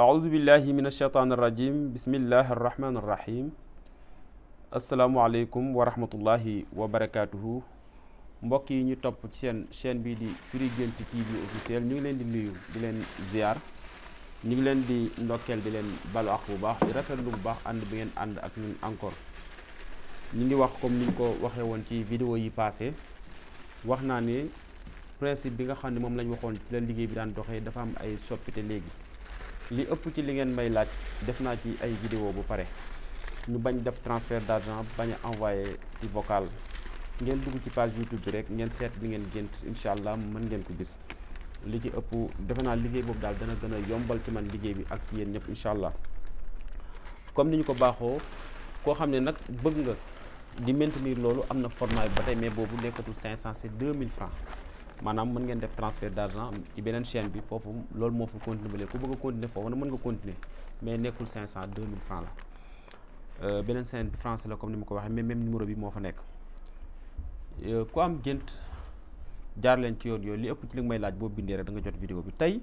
aoudu billahi min alsheytaan irrajim bismillahi arrahmani irrahim asalaamualeykum wa rahmatullahi wa barakatuhu mbokk yi ñu topp ci seen chaîne bii di Firi Guent TV officiel ñu ngi leen di nuyu di leen ziar ñu ngi leen di ndokkeel di leen balu ak bu baax di rafetlu bu baax ànd bi ngeen ànd ak ñun encore ñu ngi wax comme ni ñu ko waxee woon ci vidéo yi passé wax naa ne principe bi nga xam ne moom lañ waxoon ci la liggéey bi daan doxee dafa am ay soppite léegi li ëpp ci li ngeen may laaj def naa ci ay vidéo bu pare ñu bañ def transfert d'argent bañ envoyé di vocal ngeen dugg ci page YouTube bi rek ngeen seet li ngeen gént incha allah mën ngeen ko gis li ci ëpp defe naa liggéey boobu daal dana gën a yombal ci man liggéey bi ak yéen ñëpp incha allah comme ni ñu ko baaxoo koo xam ne nag bëgg nga di maintenir loolu am na format ba tey mais boobu nekkatul 500 c'est 2000 francs maanaam mën ngeen def transfert d'argent ci beneen chaîne bi foofu loolu moo fa continuer ba léegi ku bëgg a continuer foofu na mën nga continuer mais nekkul 500 2000 francs la euh, beneen chaîne la comme ni ma ko waxee mais même numéro bi moo fa nekk euh, ku am gént jaar leen ci yoon yooyu li ëpp ci li may laaj boo bindee rek da nga jot vidéo bi tey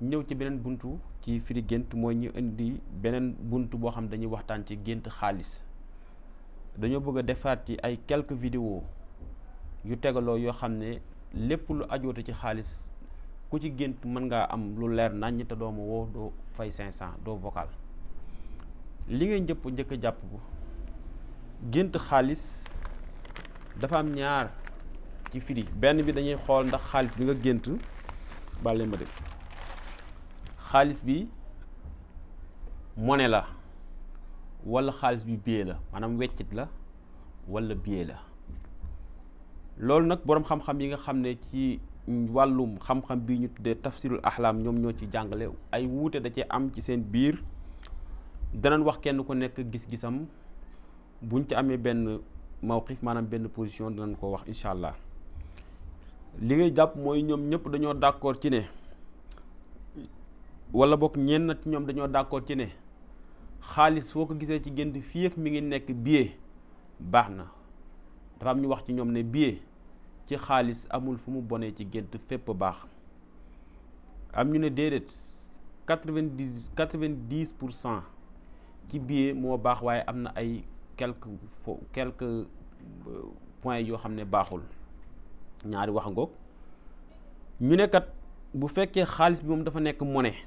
ñëw ci beneen buntu ci firi gént mooy ñu indi beneen bunt boo xam dañuy waxtaan ci gént xaalis dañoo bëgg a defaat ci ay quelques vidéos yu tegaloo yoo xam ne lépp lu ajoote ci xaalis ku ci gént mën ngaa am lu leer naññ te doo ma woo doo fay 500 doo vocal li ngay njëpp njëkk a jàpp ko gént xaalis dafa am ñaar ci firi benn bi dañuy xool ndax xaalis bi nga gént bàlle ma def xaalis bi monnaie la wala xaalis bi billet la maanaam weccit la wala billet la loolu nag boroom xam-xam yi nga xam ne ci wàllum xam-xam bi ñu tuddee tafsirul axlaam ñoom ñoo ci jàngale ay wuute da cee am ci seen biir danañ wax kenn ku nekk gis-gisam buñ ci amee benn mawqif maanaam benn position danañ ko wax incha allah li ngay jàpp mooy ñoom ñëpp dañoo d'accord ci ne wala boog ñenn ñoom dañoo d'accord ci ne xaalis foo ko gisee ci gént fii ak mi ngi nekk billet baax na dafa am ñu wax ci ñoom ne bie ci xaalis amul fu mu bonee ci gént fépp baax am ñu ne déedéet quatre-vingt-dix quatre-vingt-dix pour cent ci biir moo baax waaye am na ay quelques fo quelques euh, points yoo xam ne baaxul ñaari wax ngoog ñu ne kat bu fekkee xaalis bi moom dafa nekk monnaie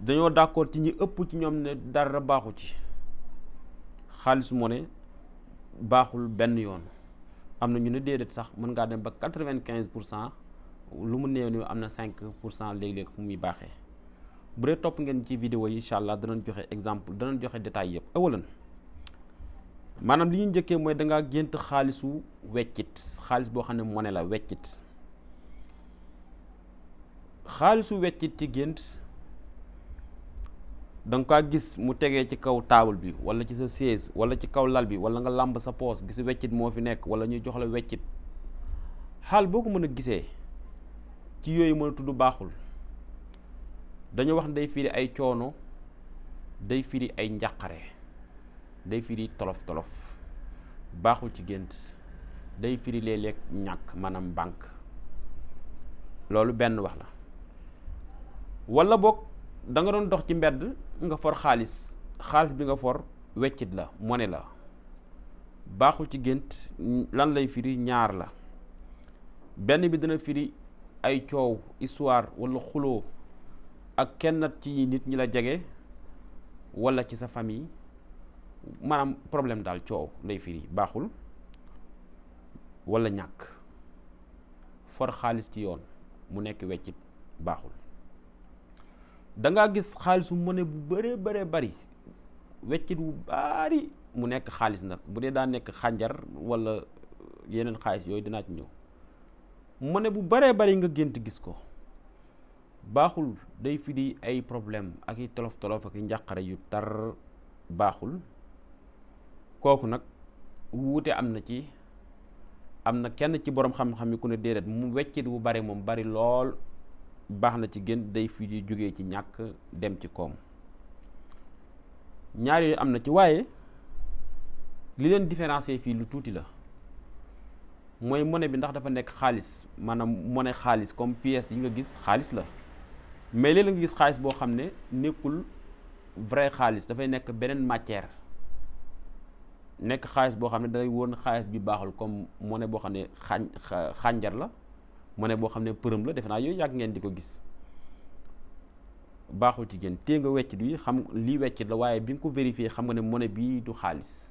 dañoo d'accord ci ñi ëpp ci ñoom ne dara baaxu ci xaalis monnaie baaxul benn yoon am na ñu ne déedéet sax mën ngaa dem ba quatre-vingt-quinze pour cent lu mu nee nii am na cinq pour cent léeg-léeg fu muy baaxee bu dee topp ngeen ci vidéo yi incha allah danañ joxe exemple danañ joxe détail yëpp awalan maanaam li ñu njëkkee mooy da ngaa gént xaalisu weccit xaalis boo xam ne monnaie la weccit xaalisu weccit ci gént. danga nga gis mu tegee ci kaw taabal bi wala ci sa siège wala ci kaw lal bi wala nga làmb sa poos gis weccit moo fi nekk wala ñuy jox la weccit xaal boo ko mën a gisee ci yooyu mën a tudd baaxul dañu wax day firi ay coono day firi ay njàqare day firi tolof tolof baaxul ci gént day firi léeg ñàkk maanaam banque loolu benn wax la wala boog danga doon dox ci mbedd nga for xaalis xaalis bi nga for weccit la mone la baaxul ci gént lan lay firi ñaar la benn bi dina firi ay coow histoire walla xuloo ak kenn ci nit ñi la jege wala ci sa famille maanaam problème daal coow lay firi baaxul wala ñàkk for xaalis ci yoon mu nekk weccit baaxul da ngaa gis xaalisu monnaie bu bëree bare bari weccit wu baari mu nekk xaalis nag bu dee daa nekk xànjar wala yeneen xaalis yooyu dinaa ci ñëw monnaie bu bëree bari nga gént gis ko baaxul day firi ay problème ak i tolof tolof ak i njàqare yu tar baaxul kooku nag wuute am na ci am na kenn ci borom xam-xam yi ku ne déedéet mu weccit wu bari moom bari lool baax na ci gën day fii di jógee ci ñàkk dem ci koom ñaar yooyu am na ci waaye li leen différencier fii lu tuuti la mooy mone bi ndax dafa nekk xaalis maanaam mone xaalis comme pièces yi nga gis xaalis la mais léeg-léeg nga gis xaalis boo xam ne nekkul vrai xaalis dafay nekk beneen matière nekk xaalis boo xam ne day woon xaalis bi baaxul comme mone boo xam ne xànjar la mone boo xam ne përëm la defe naa yooyu yàgg ngeen di ko gis baaxul ci génn téye nga weccit wi xam lii weccit la waaye bi nga ko vérifié xam nga ne monnaie bii du xaalis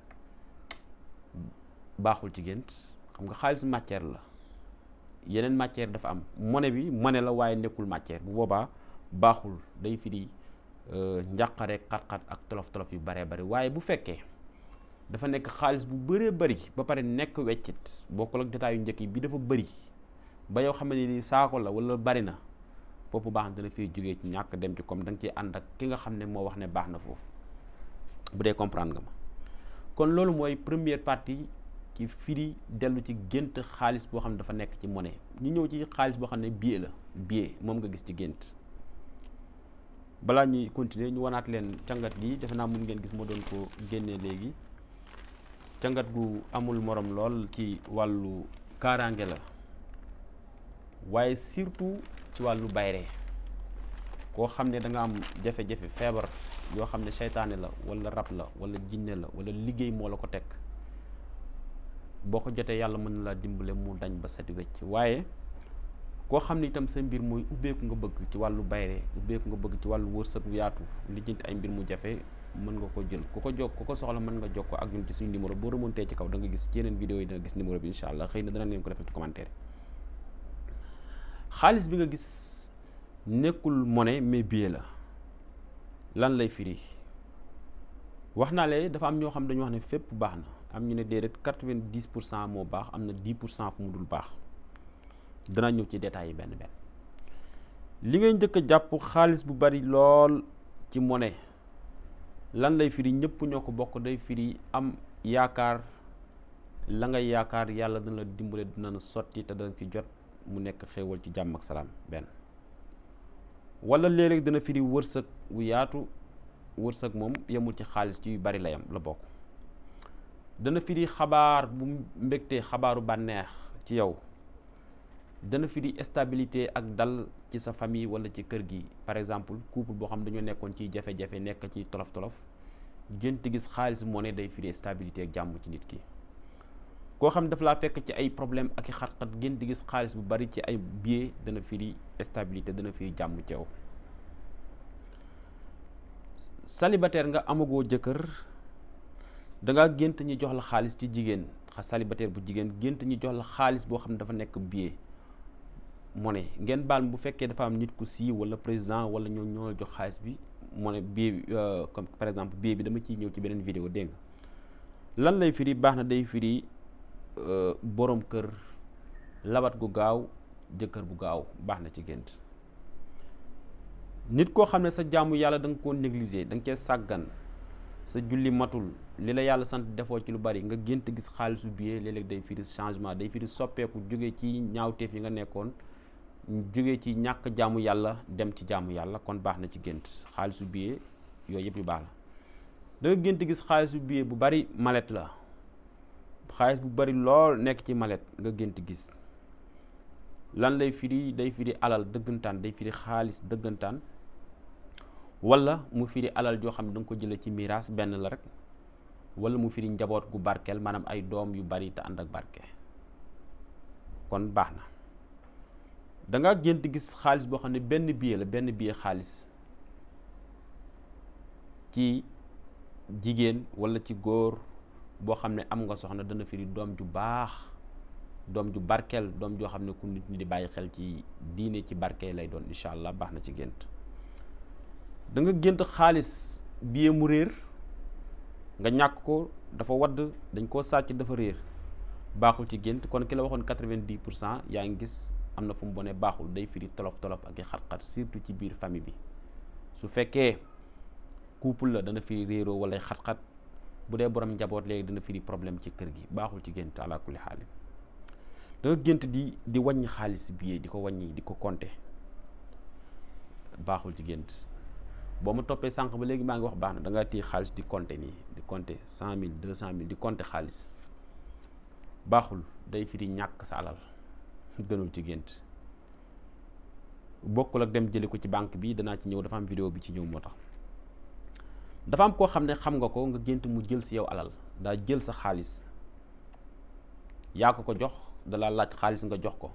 baaxul ci génn xam nga xaalis matière la yeneen matière dafa am mone bi monnaie la waaye nekkul matière bu boobaa baaxul day firi euh, njàqare xat-xat ak tolof-tolof yu baree bari waaye bu fekkee dafa nekk xaalis bu bëree bari ba pare nekk weccit bokkul ak détail yu njëkk yi bi dafa bari ba yow xam ni saako la wala bari na foofu baax na dana fiy jógee ci ñàkk dem ci comme danga nga ànd ak ki nga xam ne moo wax ne baax na foofu bu dee comprendre nga ma kon loolu mooy première partie ci firi dellu ci gént xaalis boo xam ne dafa nekk ci monnaie ñu ñëw ci xaalis boo xam ne billet la billet moom nga gis ci gént balaa ñuy continuer ñu wanaat leen cangat gi defe naa mun ngeen gis moo doon ko génnee léegi cangat gu amul moroom lool ci wàllu kaaraange la waaye surtout ci wàllu bayre koo xam ne da nga am jafe-jafe feebar yoo xam ne seytaane la wala rab la wala jinne la wala liggéey moo la ko teg boo ko jotee yàlla mën na laa dimbale mu dañ ba sati wecc waaye koo xam ne itam sa mbir mooy ubbeeku nga bëgg ci wàllu bayre ubbeeku nga bëgg ci wàllu wërsëg gu yaatu lijjanti ay mbir mu jafe mën nga boo remontee ci kaw da gis ci yeneen vidéo yi da gis numéro bi incha allah xëy na dana leen ko defal commentaire xaalis bi nga gis nekkul monnaie mais billet la lan lay firi wax naa la dafa am ñoo xam dañu wax ne fépp baax na am ñu ne déedéet quatre vingt pour cent moo baax am na di pour cent fu mu dul baax dana ñëw ci détails yi benn benn li ngay njëkk a jàpp xaalis bu bari lool ci mone lan lay firi ñëpp ñoo ko bokk day firi am yaakaar la nga yaakaar yàlla dina la dimbale dina sotti te dana ci jot mu nekk xéewal ci jàmm ak salaam benn wala léeg dana firi wërsëg wu yaatu wërsëg moom yemul ci xaalis ci yu bari la yam la bokk dana firi xabaar bu mbégtee xabaaru bànneex ci yow dana firi stabilité ak dal ci sa famille wala ci kër gi par exemple couple boo xam dañoo nekkoon ciy jafe-jafe nekk ci tolof-tolof gént gis xaalis moo ne day firi stabilité ak jàmm ci nit ki koo xam ne dafa laa fekk ci ay problème ak i xat-xat ngeen di gis xaalis bu bari ci ay bie dana firi estabilité dana firi jàmm ceew célibataire nga amagoo jëkkër danga gént ñu jox la xaalis ci jigéen xa célibataire bu jigéen gént ñi jox la xaalis boo xam ne dafa nekk biais ne ngeen baal bu fekkee dafa am nit ku sii wala président wala ñoo ñoo jox xaalis bi moo ne monnaie biais euh, comme par exemple biais bi dama ciy ñëw ci beneen vidéo dégg lan lay firi baax Euh, boroom kër labat gu gaaw jëkkër bu gaaw baax na ci gént nit koo xam ne sa jàmm yàlla da nga koo négliger da nga cee sàggan sa julli matul li la yàlla sant defoo ci lu bari nga gént gis xaalisu biir léeg-léeg day firi changement day firi soppeeku jóge ci ñaawteef yi nga nekkoon jóge ci ñàkk jàmm yàlla dem ci jàmm yàlla kon baax na ci gént xaalisu biir yooyu yëpp yu baax la da gént gis xaalisu biir bu bari malet la xaalis bu bari lool nekk ci malet nga gént gis lan lay firi day firi alal dëggantaan day firi xaalis dëggantaan wala mu firi alal joo xam ne da ko jëlee ci miraas benn la rek wala mu firi njaboot gu barkeel maanaam ay doom yu bari te ànd ak barke kon baax na danga nga gént gis xaalis boo xam ne benn billet la benn billet xaalis ci jigéen walla ci góor boo xam ne am nga soxna dana firi doom ju baax doom ju barkeel doom joo xam ne ku nit ñi di bàyyi xel ci diine ci barkeel lay doon incha allah baax na ci gént da nga gént xaalis billet mu réer nga ñàkk ko dafa wadd dañ koo sàcc dafa réer baaxul ci gént kon ki la waxoon quatre vingt pour cent yaa ngi gis am na fu mu bone baaxul day firi tolof tolof ak i xat-xat surtout ci biir famille bi su fekkee couple la dana firi réeroo wala xat-xat bu dee borom njaboot léegi dina firi problème ci kër gi baaxul ci gént ala kulli xaalim gént di di wàññi xaalis billet di ko wàññi di ko compter baaxul ci gént boo ma toppee sànq ba léegi maa ngi wax baax da nga téye xaalis di compter nii di compter cent mille deux cent mil di compter xaalis baaxul day firi ñàkk sa alal gënul ci gént bokkul ak dem jëli ko ci banque bi danaa ci ñëw dafa am vidéo bi ci ñëw moo tax dafa am koo xam ne xam nga ko nga gént mu jël si yow alal daa jël sa xaalis yaa ko ko jox dalaa laaj xaalis nga jox ko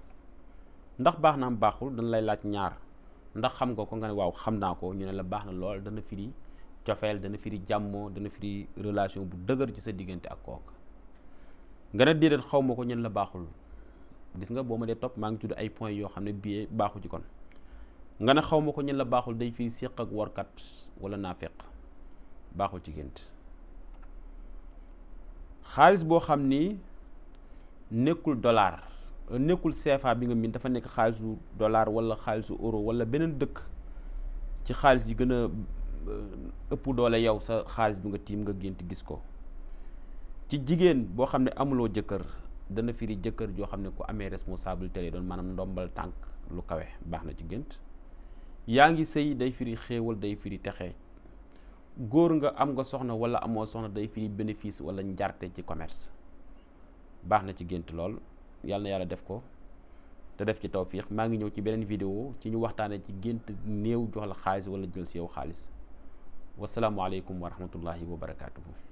ndax baax na am baaxul dana lay laaj ñaar ndax xam nga ko nga ne waaw xam naa ko ñu ne la baax na lool dana firi cofeel dana firi jàmmoo dana firi relation bu dëgër ci sa diggante ak kooku nga ne déedéet xaw ma ko ñu la baaxul gis nga boo ma dee topp maa ngi tudd ay points yoo xam ne bii baaxul ci kon nga ne xaw ma ko ñu la baaxul day firi séq ak warkat wala naafeq baaxul ci gént xaalis boo xam ni nekkul dollar nekkul CFA bi nga miin dafa nekk xaalisu dollar wala xaalisu euro wala beneen dëkk ci xaalis yi gën a euh, ëpp doole yow sa xaalis bi nga tiim nga gént gis ko ci jigéen boo xam ne amuloo jëkkër dana firi jëkkër joo xam ne ku amee responsabilité lay doon maanaam ndombal tànk lu kawe baax na ci gént yaa ngi sëy day firi xéewal day firi texe góor nga am nga soxna wala amoo soxna day firi bénéfice wala njarte ci commerce baax na ci gént lool yàlla yàlla def ko te def ci tawfiix maa ngi ñëw ci beneen vidéo ci ñu waxtaane ci gént néew jox la xaalis wala jël si yow xaalis wasalaamualeykum wa rahmatullahi wa barakaatuhu